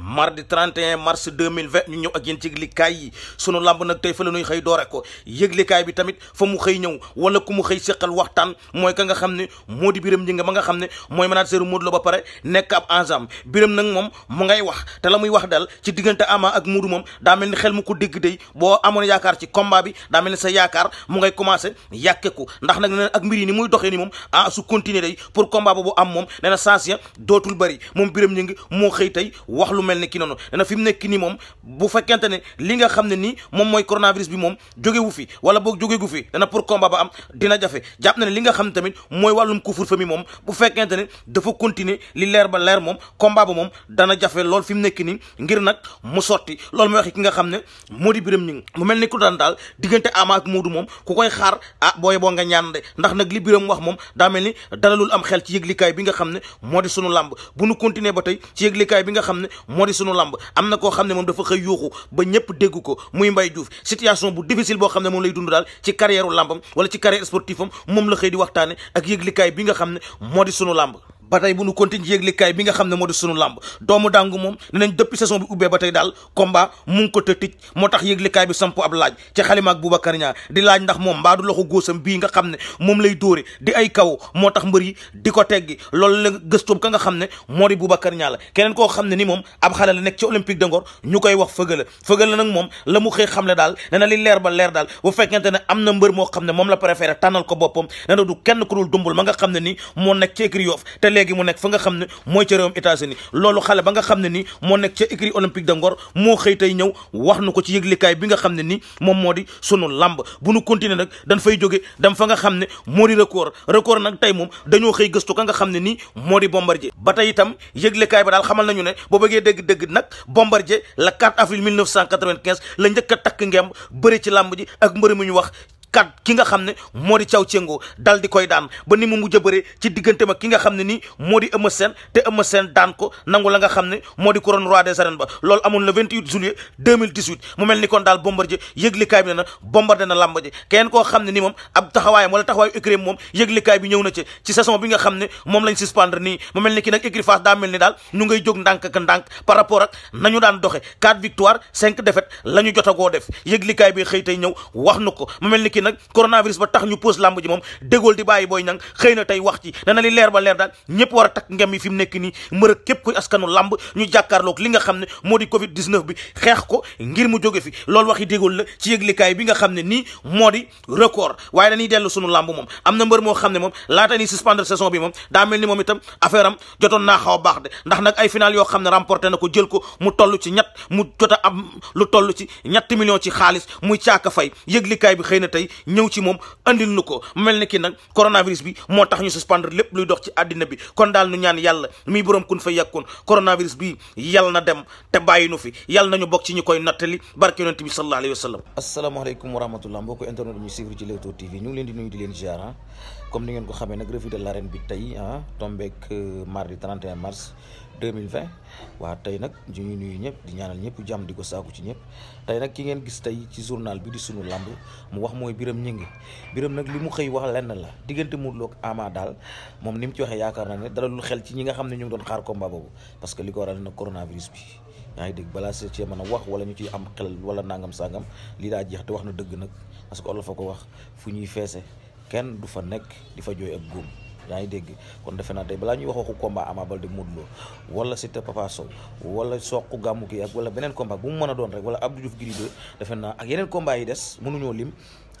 mardi 31 mars 2020 ñu ñëw ak yéen ci yëglikaay yi sunu làmb nag tey fa la ñuy xëy doore ko yëglikaay bi tamit fa mu xëy ñëw wala ku mu xëy séqal waxtaan mooy ka nga xam ne moo di biram ñi nga ma nga xam ne mooy manager Modou Lo ba pare nekk ab ensemble biram nag moom mu wax te la muy wax dal ci diggante Ama ak Modou moom daa mel ni xel mu ko dégg day boo amoon yaakaar ci combat bi daa mel ni sa yaakaar mu ngay commencé yàkke ko ndax nag na ak mbir yi ni muy doxee ni moom ah su continuer day pour combat boobu am moom nee na sens ya dootul bëri moom biram ñi ngi moo xëy tey wax mel ne ki noonu dana fi mu nekk nii moom bu fekkente ne li nga xam ne nii moom mooy coronavirus bi moom jóge wu fi wala boog jóge gu fi dana pour combat ba li nga xam ne tamit mooy wàllum couvre-feu mi moom bu fekkente dafa continuer li leer ba leer moom combat ba moom dana jafe lool fi mu nekk nii ngir nag mu sotti loolu mooy wax ki nga xam ne moo di biram ñi mu mel ne ku daan daal diggante Ama ak Modou moom ku koy xaar ah booye boo nga ñaan de ndax nag li biram wax moom daa mel ni dalalul am xel ci kaay bi nga xam ne moo di sunu làmb bu nu continuer ba tey ci yëglikaay bi nga xam ne moo di sunu lamb am na koo xam ne moom dafa xëy yuuxu ba ñëpp dégg ko muy Mbaye Diouf situation bu difficile boo xam ne moom lay dund daal ci carrière u làmbam wala ci carrière sportif am moom la xëy di waxtaane ak yëglikaay bi nga xam ne moo di sunu làmb ba tey bu nu continue yëglikaay bi nga xam ne moo di sunu làmb doomu dàngu moom ne nañ depuis saison bi ubbee ba tey daal combat mu ngi ko të tëj moo tax yëglikaay bi samp ab laaj ci xalima ak Boubacar Niang di laaj ndax moom mbaa du loxo góosam bii nga xam ne moom lay dóore di ay kaw moo tax mbër yi di ko teggi loolu la gëstoom ka nga xam ne moo di Boubacar Niang la keneen koo xam ne ni moom ab xale la nekk ci olympique de Ngor ñu koy wax fëgala fëgala nag moom la mu xëy xam le daal ne na li leer ba leer daal bu fekkente ne am na mbër moo xam ne moom la préféré tànnal ko boppam ne na du kenn ku dul dumbul ma nga xam ne ni moo nekk ci écurie léegi mu nekk fa nga xam ne mooy ca réewam États-Unis loolu xale ba nga xam ne ni moo nekk ca écurie olympique de Ngor moo xëy tey ñëw wax nu ko ci yëglikaay bi nga xam ne nii moom moo di sunu làmb bu nu continuer nag dañ fay jóge dem fa nga xam ne moo di record record nag tey moom dañoo xëy gëstu ka nga xam ne nii moo di bombardier ba tey itam yëglikaay ba daal xamal nañu ne boo bëggee dégg-dégg nag bombardier la 4 avril 1995 la njëkk a takk ngemb bëri ci làmb ji ak mbëri mu ñu wax kat ki nga xam ne moo di Thiaw Thiengo dal di koy daan ba ni mu mujj a ci diggante ma ki nga xam ne nii moo di Eumeu Sène te Eumeu Sène daan ko nangu la nga xam ne moo di couronne roi des arènes ba loolu amoon le 28 juillet 2018 mu mel ni kon daal Bombardier yëglikaay bi ne na Bombardier na làmb ji keneen koo xam ne ni moom ab taxawaayam wala taxawaayu écurie moom yëglikaay bi ñëw na ci ci saison bi nga xam ne moom lañ suspendre nii mu mel ni ki nag nag coronavirus ba tax ñu pose làmb ji moom dégool di bàyyi booy ñang xëy na tey wax ci dana li leer ba leer daal ñëpp war a takk ngem yi fi mu nekk nii mbër képp kuy askanu làmb ñu jàkkaarloog li nga xam ne moo di covid 19 bi xeex ko ngir mu jóge fi loolu waxi dégool la ci yëglikaay bi nga xam ne nii moo di record waaye dañuy dellu sunu làmb moom am na mbër moo xam ne moom laata ni suspendre saison bi moom daa mel ni moom itam affaire am jotoon naa xaw a baax de ndax nag ay final yoo xam ne remporté na ko jël ko mu tollu ci ñett mu jot am lu toll ci ñetti millions ci xaalis muy caaka fay yëglikaay bi xëy na tey ñëw ci moom andil nu ko mel na ki nag coronavirus bi moo tax ñu suspendre lépp luy dox ci àddina bi kon daal nu ñaan yàlla mi boroom kun fa yàkkoon coronavirus bi yàlla na dem te bàyyi nu fi yàlla ñu bokk ci ñu koy nattali barke yonent bi sallallahu alayhi wa sallam asalaamaaleykum wa rahmatullah mbokk internet ñu suivre ci Leewtoo TV ñu ngi leen di nuyu di leen ziar comme ni ngeen ko xamee nag revue de ren bi tey ah tombeek euh, mardi 31 mars 2020 waa tey nag ñu ngi nuyu ñëpp di ñaanal ñëpp jàmm di ko saaku ci ñëpp tey nag ki ngeen gis tey ci journal bi di sunu làmb mu wax mooy Biram Ñingi Biram nag li mu xëy wax lenn la diggante mu Lo ak Ama daal moom ni mu ci waxee yaakaar naa ne dalalul xel ci ñi nga xam ne ñu doon xaar ko combat boobu parce que li ko a nag coronavirus bi yaa ngi dégg balaa sa cee mën a wax wala ñu ciy am xel wala nangam sangam lii daa jeex te wax na dëgg nag parce que olof ko wax fu ñuy feese kenn du fa nekk di fa jooy ak yaa ngi dégg kon defe naa tey balaa ñuy wax waxu combat Ama Baldé Modou Lo wala Siteu Papa Sow wala soq gàmmu gi ak wala beneen combat bu mu mën a doon rek wala Abdou Diouf Gris defe naa ak yeneen combat yi des mënuñoo lim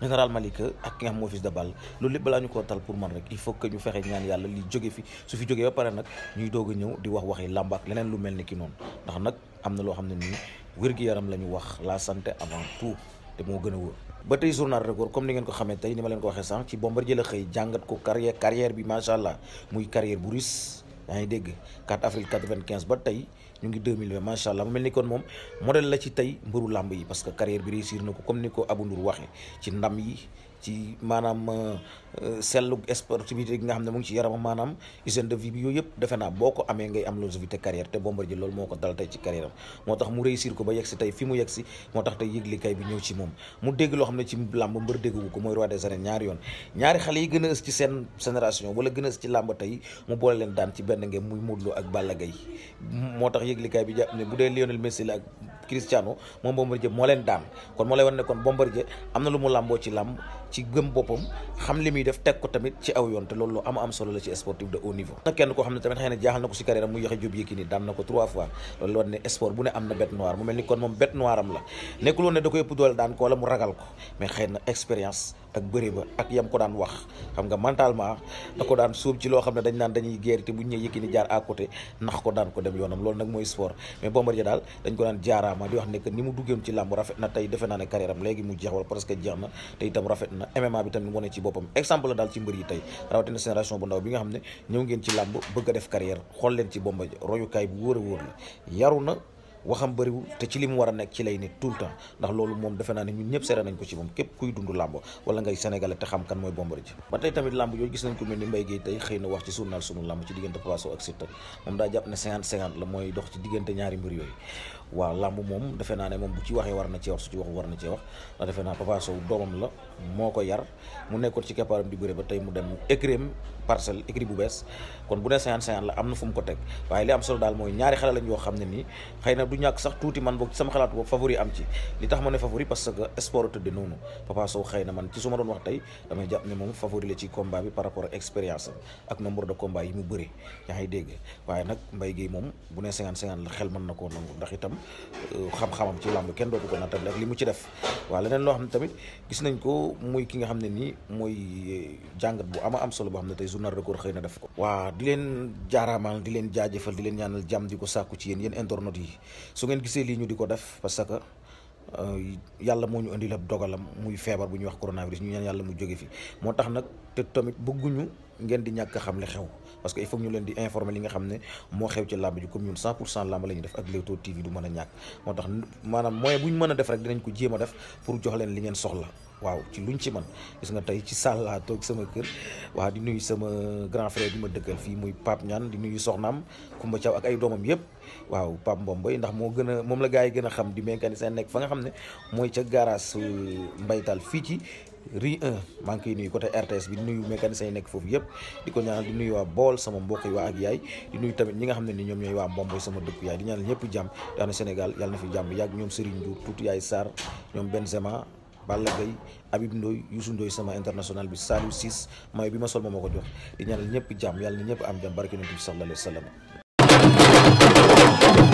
général Malick ak ki nga xam moo fils de balle loolu lépp balaa ñu koo tal pour man rek il faut que ñu fexe ñaan yàlla li jóge fi su fi jógee ba pare nag ñuy doog a ñëw di wax waxi làmb ak leneen lu mel ni ki noonu ndax nag am na loo xam ne nii wér yaram la ñu wax la santé avant tout te moo gën a wóor ba tey journal record comme ni ngeen ko xamee tey ni ma leen ko waxee sànq ci Bombardier la xëy jàngat ko carrière carrière bi macha allah muy carrière bu ris yaa ngi dégg 4 avril 95 ba tey ñu ngi 2020 macha allah mu mel ni kon moom modèle la ci tey mbëru làmb yi parce que carrière bi réussir na ko comme ni ko Abou Ndour waxee ci ndam yi ci maanaam euh, sellu sportivité gi nga xam ne mu ngi ci yaramam maanaam hygiène de vie bi yëpp defe naa boo ko amee ngay am longévité carrière te Bombardier loolu moo ko dal tey ci carrière am moo tax mu réussir ko ba yegg tey fi mu yegg moo tax tey yëglikaay bi ñëw ci moom mu dégg loo xam ne ci làmb mbër déggu ko mooy roi des arènes ñaari yoon ñaari xale yi gën a ës ci seen génération wala gën a ës ci làmb tey mu boole leen daan ci benn ngeen muy Modou Lo ak moo tax yëglikaay bi jàpp ne bu dee Lionel ak Cristiano moom Bombardier moo leen daan kon moo lay wan ne kon Bombardier am na lu mu làmboo ci làmb ci gëm boppam xam li muy def teg ko tamit ci aw yoon te loolu am am solo la ci sportif de haut niveau na kenn koo xam ne tamit xëy na jaaxal na ko si carrière mu yoxe Jóob Yékini daan na ko trois fois loolu wan ne sport bu ne am na bête noire mu mel ni kon moom bête noire la nekkul woon ne da ko yëpp doole daan ko wala mu ragal ak bëri ba ak yam ko daan wax xam nga mentalement da ko daan suub ci loo xam ne dañ naan dañuy guerre te bu ñu ñëwee Yékini jaar à côté nax ko daan ko dem yoonam loolu nag mooy sport mais Bombardier daal dañ ko daan jaaraama di wax ne que ni mu duggoon ci làmb rafet na tey defe naa ne carrière am léegi mu jeex wala presque jeex na te itam rafet na MMA bi tamit wane ci boppam exemple la daal ci mbër yi tey rawatina génération bu ndaw bi nga xam ne ñëw ngeen ci làmb bëgg a def carrière xool leen ci Bombardier royukaay bu wóor a na waxam bëriwul te ci li mu war a nekk ci lay ne tout le temps ndax loolu moom defe naa ne ñun ñëpp seere nañ ko ci moom képp kuy dund làmb wala ngay sénégalais te xam kan mooy Bombardier ba tey tamit làmb yooyu gis nañ ko mel ni Mbaye Guèye tey xëy na wax ci journal sunu làmb ci diggante Papa Sow ak Siteu moom daa jàpp ne 50 50 la mooy dox ci diggante ñaari mbir yooyu waa làmb moom defe naa ne moom bu ci waxee war na cee wax su ci waxu war na cee wax ndax defe naa Papa doomam la moo ko yar mu nekkoon ci keppaaram di bëre ba tey mu dem écrim parcelle écrit bu bees kon bu ne cinquante cinquante la am na fu mu ko teg waaye li am solo daal mooy ñaari xale lañ yoo xam ne nii xëy na du ñàkk sax tuuti man boog ci sama xalaat boobu li tax ma ne favori parce que sport tëdde noonu Papa na man ci doon wax tey damay moom favori la par rapport ak expérience ak nombre de combat mu bëri yaa ngi waaye nag Mbaye Guèye moom bu ne cinquante cinquante xel mën na koo nangu ndax itam xam-xamam ci làmb kenn dootu ko nattable ak li mu ci def waa leneen loo xam ne tamit gis nañ ko muy ki nga xam ne nii mooy jàngat bu ama am solo boo xam ne tey journal record xëy na def ko waa di leen jaaraamal di leen jaajëfal di leen ñaanal jàmm di ko sàkku ci yéen yéen internautes yi su ngeen gisee lii ñu di ko def parce que Euh, yàlla moo ñu indil ab dogalam muy feebar bu ñuy wax coronavirus ñu ñaan yàlla mu jóge fi moo tax nag te tamit bëgguñu ngeen di ñàkk xam li xew parce que il faut ñu leen di informer li nga xam ne moo xew ci làmb ji comme ñun 100 pour cent làmb la ñuy def ak Leewtoo TV du mën a ñàkk moo tax maanaam moyen bu ñu mën a def rek dinañ ko jéem def pour jox leen li ngeen soxla waaw ci lu ñu ci man gis nga tey ci salle laa toog sama kër waaw di nuyu sama grand frère di ma dëkkal fii muy Pape ñaan di nuyu soxnaam Kumba Thiaw ak ay doomam yëpp waaw Pape Mbomboy ndax moo gën a moom la gars yi gën a xam di mécanicien nekk fa nga xam ne mooy ca garage mbaytal fii ci Rue 1 maa ngi koy nuyu côté nuyu mécanicien yi nekk foofu yëpp di ko ñaan di nuyu waa bool sama mbokk yi waa ak yaay di nuyu tamit ñi nga xam ne ni ñoom ñooy waa Mbomboy sama dëkk yaay di ñaanal ñëpp jàmm daana Sénégal yàlla na fi jàmm yàgg ñoom Serigne Ndour tuuti yaay Sarr ñoom Benzema Balla Gaye Habib Ndoye Youssou Ndoye sama international bi Saliou Ciss may bi ma sol moom moo ko jox di ñaanal ñëpp jàmm yàlla na ñëpp am jàmm barke Yonent bi sallallahu wa sallam